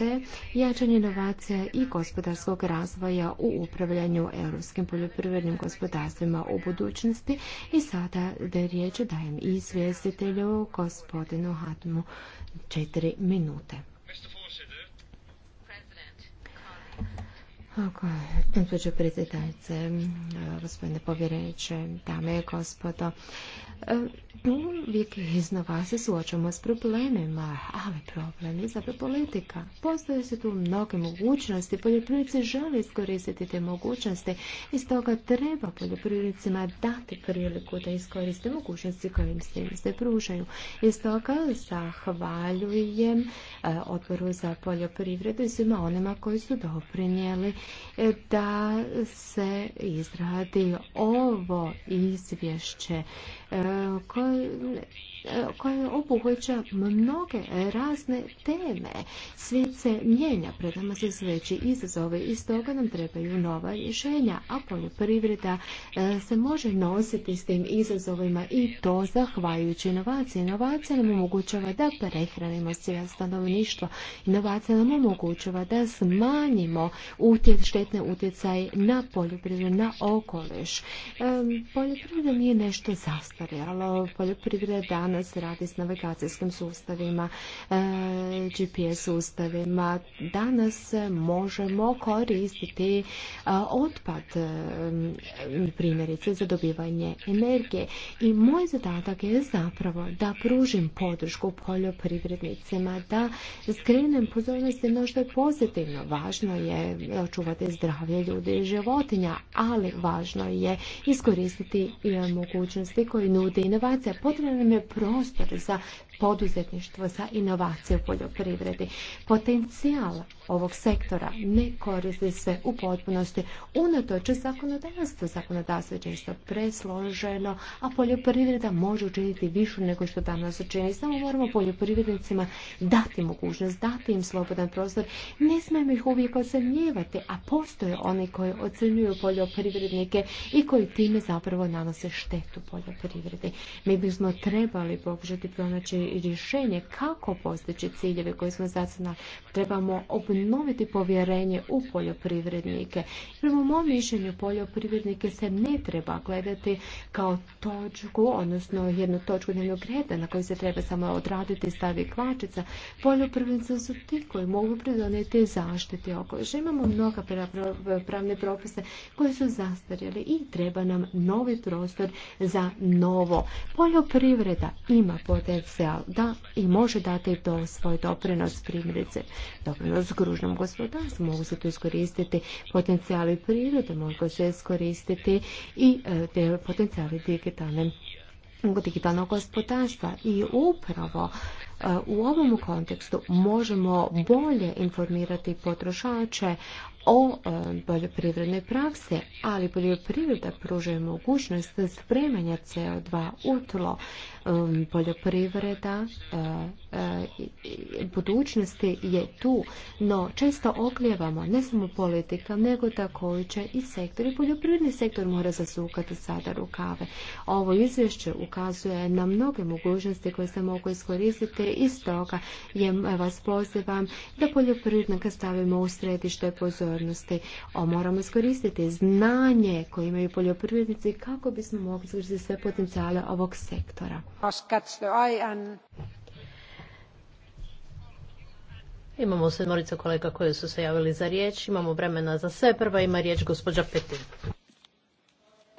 te jačanje inovacija i gospodarskog razvoja u upravljanju europskim poljoprivrednim gospodarstvima u budućnosti. I sada da riječ dajem izvjestitelju gospodinu Hatmu četiri minute. Tako je, gospođo predsjednice, e, gospodine povjereniče, dame i gospodo. E, uvijek iznova se suočamo s problemima, ali problem je zapravo politika. Postoje se tu mnoge mogućnosti, poljoprivrednici žele iskoristiti te mogućnosti i stoga treba poljoprivrednicima dati priliku da iskoriste mogućnosti koje im se, im se pružaju. I stoga zahvaljujem e, odboru za poljoprivredu i svima onima koji su doprinijeli da se izradi ovo izvješće koje, e, koje obuhvaća mnoge razne teme. Svijet se mijenja, pred nama se sveći izazove i stoga nam trebaju nova rješenja, a poljoprivreda e, se može nositi s tim izazovima i to zahvaljujući inovacije. Inovacija nam omogućava da prehranimo sve stanovništvo. Inovacija nam omogućava da smanjimo utjec, štetne utjecaje na poljoprivredu, na okoliš. E, poljoprivreda nije nešto zastavljeno realno. Poljoprivreda danas radi s navigacijskim sustavima, e, GPS sustavima. Danas možemo koristiti e, otpad e, primjerice za dobivanje energije. I moj zadatak je zapravo da pružim podršku poljoprivrednicima, da skrenem pozornosti na ono što je pozitivno. Važno je očuvati zdravlje ljudi i životinja, ali važno je iskoristiti i mogućnosti koje Nude inovacija. Potrebno nam je prostor za poduzetništvo, za inovacije u poljoprivredi. Potencijal ovog sektora ne koristi se u potpunosti. Unatoč zakonodavstvo, zakonodavstvo je često presloženo, a poljoprivreda može učiniti više nego što danas učini. Samo moramo poljoprivrednicima dati mogućnost, dati im slobodan prostor. Ne smijemo ih uvijek ocjenjivati, a postoje oni koji ocjenjuju poljoprivrednike i koji time zapravo nanose štetu poljoprivredi. Mi bismo trebali pokušati pronaći i rješenje kako postići ciljeve koje smo zacrnali. Trebamo obnoviti povjerenje u poljoprivrednike. Prema mom mišljenju poljoprivrednike se ne treba gledati kao točku, odnosno jednu točku dnevnog reda na koju se treba samo odraditi stavi kvačica. Poljoprivrednice su ti koji mogu pridoniti zaštiti okoliša. Imamo mnoga pravne propise koje su zastarjeli i treba nam novi prostor za novo. Poljoprivreda ima potencijal da i može dati do svoj doprinos primjerice. Doprinos gružnom gospodarstvu mogu se tu iskoristiti potencijali prirode, mogu se iskoristiti i e, te potencijali digitalne digitalnog gospodarstva i upravo e, u ovom kontekstu možemo bolje informirati potrošače o e, poljoprivredne prakse, ali poljoprivreda pruža mogućnost spremanja CO2 u tlo. E, poljoprivreda e, budućnosti je tu, no često oklijevamo ne samo politika, nego također i sektor. I poljoprivredni sektor mora zasukati sada rukave. Ovo izvješće ukazuje na mnoge mogućnosti koje se mogu iskoristiti i stoga je vas pozivam da poljoprivrednika stavimo u središte pozornosti pozornosti. a moramo iskoristiti znanje koje imaju poljoprivrednici kako bismo mogli iskoristiti sve potencijale ovog sektora. Imamo sedmorica kolega koje su se javili za riječ. Imamo vremena za sve. Prva ima riječ gospođa Petin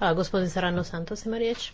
a gospodin Sarano Santos ima riječ.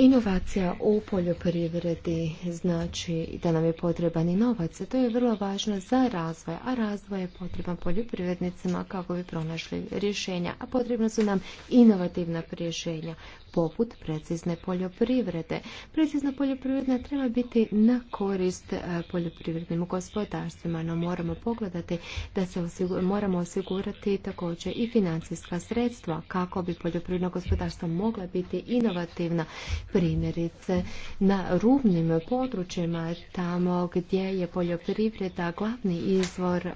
Inovacija u poljoprivredi znači da nam je potreban i novac. To je vrlo važno za razvoj, a razvoj je potreban poljoprivrednicima kako bi pronašli rješenja, a potrebno su nam inovativna rješenja poput precizne poljoprivrede. Precizna poljoprivredna treba biti na korist e, poljoprivrednim gospodarstvima, no moramo pogledati da se moramo osigurati također i financijska sredstva kako bi poljoprivredno gospodarstvo mogla biti inovativna Primjerice, na rubnim područjima, tamo gdje je poljoprivreda glavni izvor e,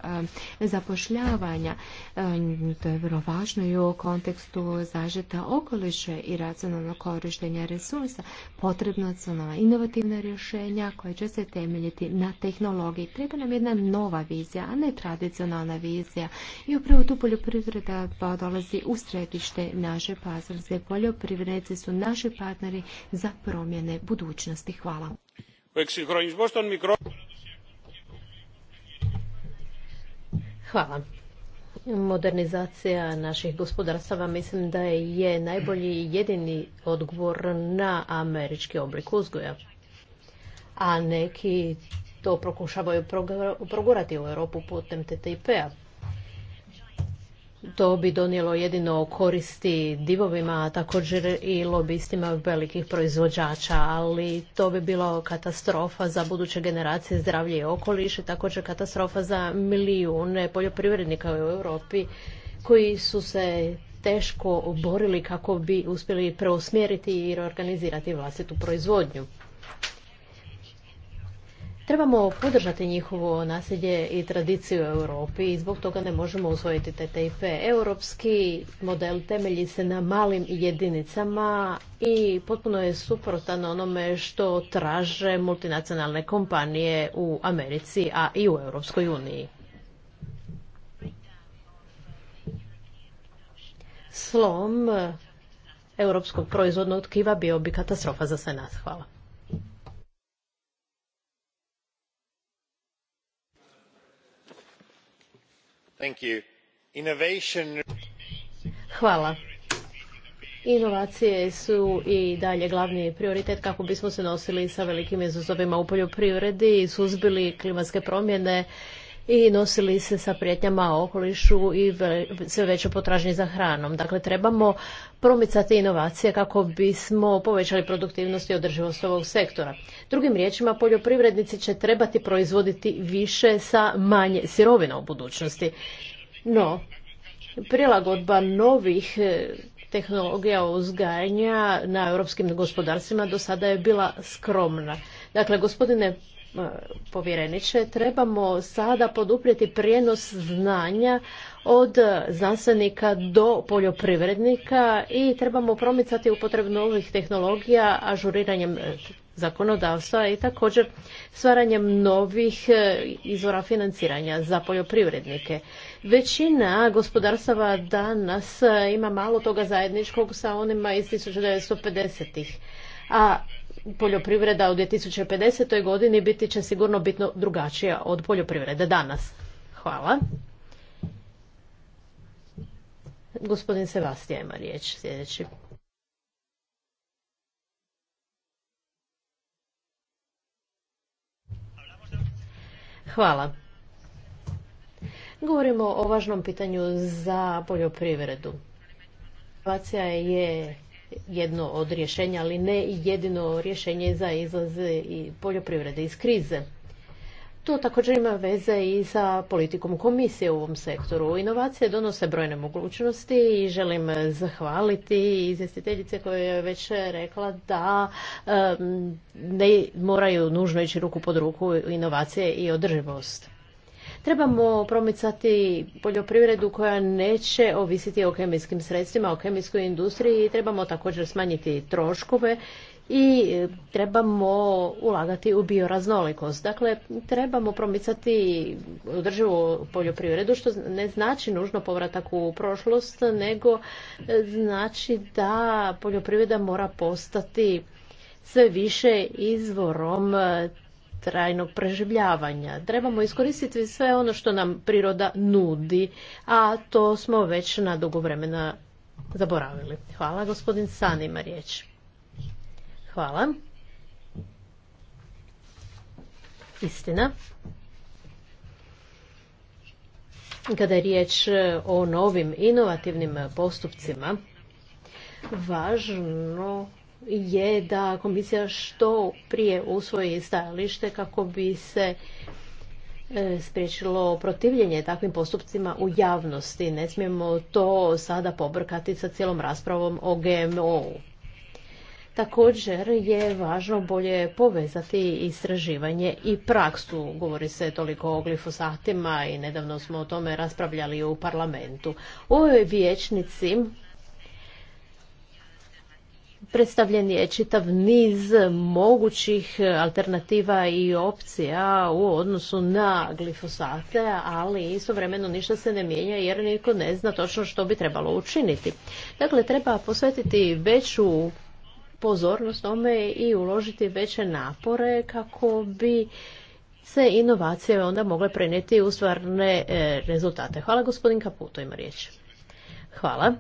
zapošljavanja, e, to je vrlo važno i u kontekstu zažita okoliša i racionalno korištenja resursa. Potrebno su nam inovativna rješenja koje će se temeljiti na tehnologiji. Treba nam jedna nova vizija, a ne tradicionalna vizija. I upravo tu poljoprivreda pa dolazi u središte naše pazarske. Poljoprivrednici su naši partneri za promjene budućnosti. Hvala. Hvala. Modernizacija naših gospodarstava mislim da je najbolji jedini odgovor na američki oblik uzgoja. A neki to prokušavaju progurati u Europu putem TTIP-a to bi donijelo jedino koristi divovima, a također i lobistima velikih proizvođača, ali to bi bilo katastrofa za buduće generacije zdravlje i okoliš također katastrofa za milijune poljoprivrednika u Europi koji su se teško borili kako bi uspjeli preusmjeriti i reorganizirati vlastitu proizvodnju. Trebamo podržati njihovo nasilje i tradiciju u Europi i zbog toga ne možemo usvojiti TTIP. Europski model temelji se na malim jedinicama i potpuno je suprotan onome što traže multinacionalne kompanije u Americi, a i u Europskoj uniji. Slom europskog proizvodnog tkiva bio bi katastrofa za sve nas. Hvala. Hvala. Inovacije su i dalje glavni prioritet kako bismo se nosili sa velikim izazovima u poljoprivredi, suzbili klimatske promjene i nosili se sa prijetnjama okolišu i sve veće potražnje za hranom. Dakle, trebamo promicati inovacije kako bismo povećali produktivnost i održivost ovog sektora. Drugim riječima, poljoprivrednici će trebati proizvoditi više sa manje sirovina u budućnosti. No, prilagodba novih e, tehnologija uzgajanja na europskim gospodarstvima do sada je bila skromna. Dakle, gospodine E, povjereniče, trebamo sada poduprijeti prijenos znanja od znanstvenika do poljoprivrednika i trebamo promicati upotrebu novih tehnologija ažuriranjem zakonodavstva i također stvaranjem novih e, izvora financiranja za poljoprivrednike. Većina gospodarstava danas e, ima malo toga zajedničkog sa onima iz 1950-ih. A poljoprivreda u 2050. godini biti će sigurno bitno drugačija od poljoprivrede danas. Hvala. Gospodin Sebastija ima riječ sljedeći. Hvala. Govorimo o važnom pitanju za poljoprivredu. Situacija je jedno od rješenja, ali ne jedino rješenje za izlaz i poljoprivrede iz krize. To također ima veze i sa politikom komisije u ovom sektoru. Inovacije donose brojne mogućnosti i želim zahvaliti izvjestiteljice koja je već rekla da ne moraju nužno ići ruku pod ruku inovacije i održivost. Trebamo promicati poljoprivredu koja neće ovisiti o kemijskim sredstvima, o kemijskoj industriji i trebamo također smanjiti troškove i trebamo ulagati u bioraznolikost. Dakle, trebamo promicati održivu poljoprivredu, što ne znači nužno povratak u prošlost, nego znači da poljoprivreda mora postati sve više izvorom trajnog preživljavanja. Trebamo iskoristiti sve ono što nam priroda nudi, a to smo već na dugo vremena zaboravili. Hvala, gospodin San ima riječ. Hvala. Istina. Kada je riječ o novim inovativnim postupcima, važno je da komisija što prije usvoji stajalište kako bi se e, spriječilo protivljenje takvim postupcima u javnosti. Ne smijemo to sada pobrkati sa cijelom raspravom o gmo Također je važno bolje povezati istraživanje i praksu. Govori se toliko o glifosatima i nedavno smo o tome raspravljali u parlamentu. U ovoj vijećnici predstavljen je čitav niz mogućih alternativa i opcija u odnosu na glifosate, ali istovremeno ništa se ne mijenja jer niko ne zna točno što bi trebalo učiniti. Dakle, treba posvetiti veću pozornost tome i uložiti veće napore kako bi se inovacije onda mogle prenijeti u stvarne e, rezultate. Hvala gospodin Kaputo, ima riječ. Hvala.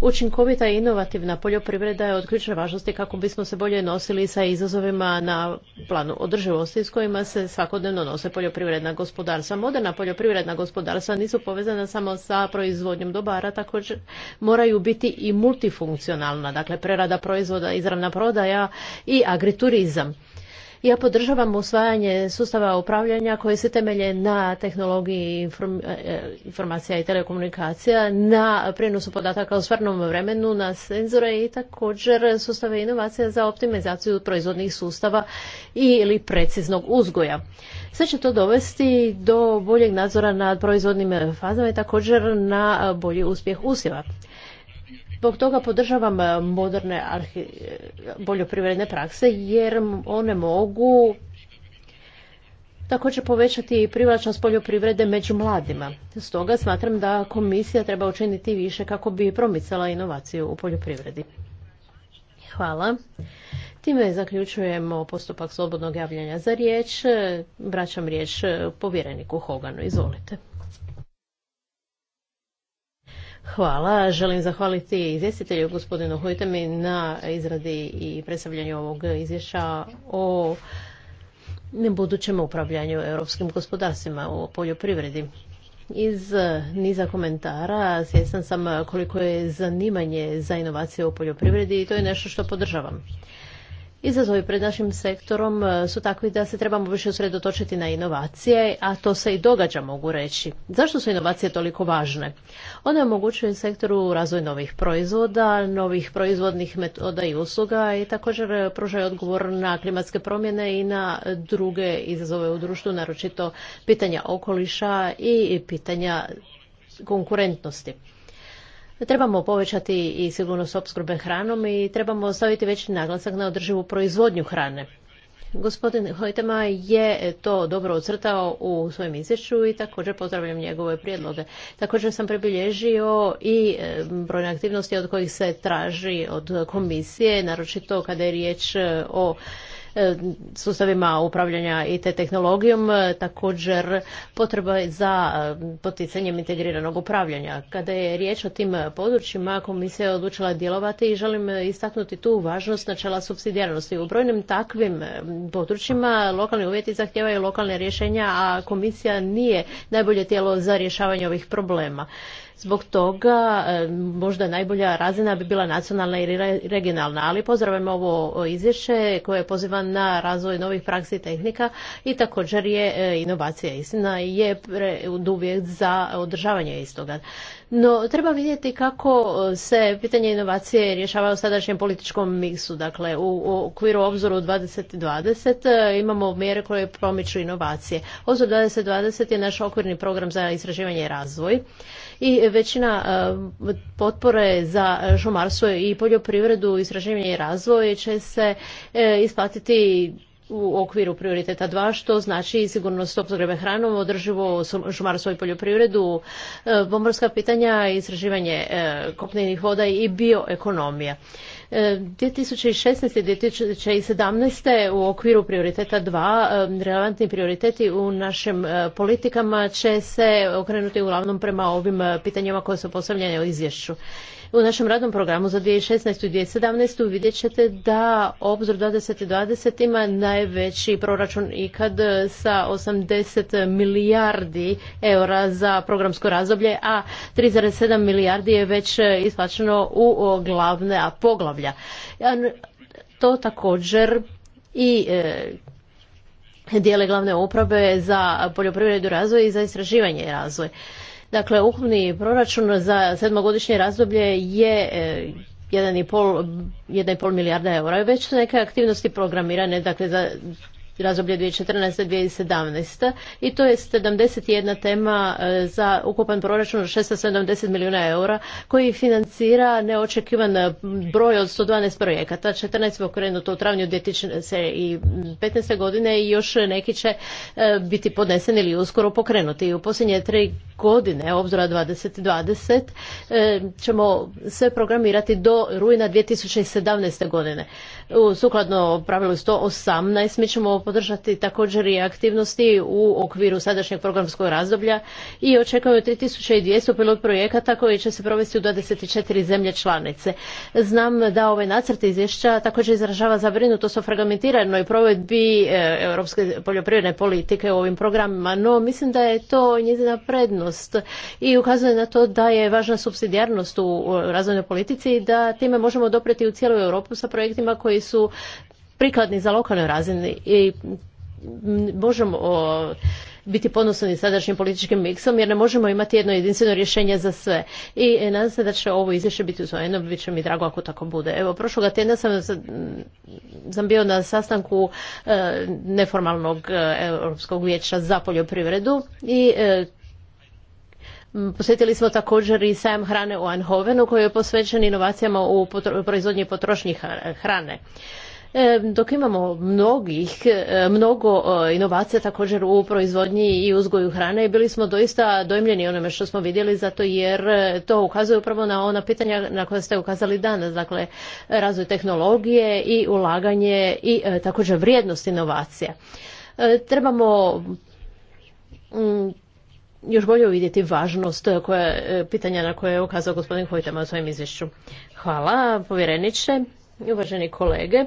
Učinkovita i inovativna poljoprivreda je od ključne važnosti kako bismo se bolje nosili sa izazovima na planu održivosti s kojima se svakodnevno nose poljoprivredna gospodarstva. Moderna poljoprivredna gospodarstva nisu povezana samo sa proizvodnjom dobara, također moraju biti i multifunkcionalna, dakle prerada proizvoda, izravna prodaja i agriturizam. Ja podržavam usvajanje sustava upravljanja koji se temelje na tehnologiji e, e, informacija i telekomunikacija, na prijenosu podataka u stvarnom vremenu, na senzore i također sustave inovacija za optimizaciju proizvodnih sustava ili preciznog uzgoja. Sve će to dovesti do boljeg nadzora nad proizvodnim fazama i također na bolji uspjeh usjeva. Zbog toga podržavam e, moderne boljoprivredne poljoprivredne prakse jer one mogu također povećati privlačnost poljoprivrede među mladima. Stoga smatram da komisija treba učiniti više kako bi promicala inovaciju u poljoprivredi. Hvala. Time zaključujemo postupak slobodnog javljanja za riječ. Vraćam riječ e, povjereniku Hoganu. Izvolite. Hvala. Želim zahvaliti izvjestitelju gospodinu Hojtemi na izradi i predstavljanju ovog izvješća o budućem upravljanju europskim gospodarstvima u poljoprivredi. Iz niza komentara svjestan sam koliko je zanimanje za inovacije u poljoprivredi i to je nešto što podržavam. Izazovi pred našim sektorom e, su takvi da se trebamo više usredotočiti na inovacije, a to se i događa, mogu reći. Zašto su inovacije toliko važne? One omogućuju sektoru razvoj novih proizvoda, novih proizvodnih metoda i usluga i također e, pružaju odgovor na klimatske promjene i na druge izazove u društvu, naročito pitanja okoliša i pitanja konkurentnosti. Trebamo povećati i sigurnost opskrbe hranom i trebamo staviti veći naglasak na održivu proizvodnju hrane. Gospodin Hojtema je to dobro ocrtao u svojem izvješću i također pozdravljam njegove prijedloge. Također sam pribilježio i e, brojne aktivnosti od kojih se traži od komisije, naročito kada je riječ e, o E, sustavima upravljanja i te tehnologijom, e, također potreba za e, poticanjem integriranog upravljanja. Kada je riječ o tim područjima, komisija je odlučila djelovati i želim istaknuti tu važnost načela subsidijarnosti. U brojnim takvim područjima lokalni uvjeti zahtijevaju lokalne rješenja, a komisija nije najbolje tijelo za rješavanje ovih problema. Zbog toga e, možda najbolja razina bi bila nacionalna ili regionalna, ali pozdravljam ovo izvješće koje je poziva na razvoj novih praksi i tehnika i također je e, inovacija istina je preduvjet za održavanje istoga. No, treba vidjeti kako e, se pitanje inovacije rješava u sadašnjem političkom miksu. Dakle, u okviru obzoru 2020 imamo mjere koje promiču inovacije. Obzor 2020 je naš okvirni program za istraživanje i razvoj i većina e, potpore za šumarstvo i poljoprivredu, istraživanje i razvoj će se e, isplatiti u okviru prioriteta 2, što znači sigurnost opskrbe hranom, održivo šumarstvo i poljoprivredu, e, pomorska pitanja, istraživanje kopnenih voda i bioekonomija. 2016. E, i 2017. u okviru prioriteta 2 e, relevantni prioriteti u našim e, politikama će se okrenuti uglavnom prema ovim pitanjima koje su postavljene u izvješću. U našem radnom programu za 2016. i 2017. vidjet ćete da obzor 2020 ima najveći proračun ikad sa 80 milijardi eura za programsko razdoblje, a 3,7 milijardi je već isplaćeno u glavne poglavlja. To također i e, dijele glavne uprave za poljoprivredu razvoj i za istraživanje i razvoj. Dakle, ukupni proračun za sedmogodišnje razdoblje je 1,5 e, milijarda eura. Već su neke aktivnosti programirane, dakle za razdoblje 2014-2017 i to je 71 tema e, za ukupan proračun 670 milijuna eura koji financira neočekivan e, broj od 112 projekata. 14 je pokrenuto u travnju 2015. godine i još neki će e, biti podneseni ili uskoro pokrenuti. U posljednje tri godine obzora 2020 ćemo sve programirati do rujna 2017. godine. Sukladno pravilu 118 mi ćemo podržati također i aktivnosti u okviru sadašnjeg programskog razdoblja i očekuju 3200 pilot projekata koji će se provesti u 24 zemlje članice. Znam da ove ovaj nacrte izvješća također izražava zabrinutost o fragmentiranoj provedbi e, europske poljoprivredne politike u ovim programima, no mislim da je to njezina prednost i ukazuje na to da je važna subsidijarnost u razvojnoj politici i da time možemo dopreti u cijelu Europu sa projektima koji su prikladni za lokalnoj razini i možemo biti ponosni sadašnjim političkim miksom jer ne možemo imati jedno jedinstveno rješenje za sve. I e, nadam se da će ovo izvješće biti usvojeno, bit će mi drago ako tako bude. Evo, prošloga tjedna sam, sam bio na sastanku e, neformalnog e, Europskog vijeća za poljoprivredu i Posjetili smo također i sajam hrane u Anhovenu koji je posvećen inovacijama u proizvodnji i hrane. E, dok imamo mnogih, e, mnogo e, inovacija također u proizvodnji i uzgoju hrane i bili smo doista dojmljeni onome što smo vidjeli zato jer to ukazuje upravo na ona pitanja na koja ste ukazali danas, dakle razvoj tehnologije i ulaganje i također vrijednost inovacija. Trebamo mm, još bolje uvidjeti važnost pitanja na koje je ukazao gospodin Hojtama u svojem izvješću. Hvala povjereniče i uvaženi kolege.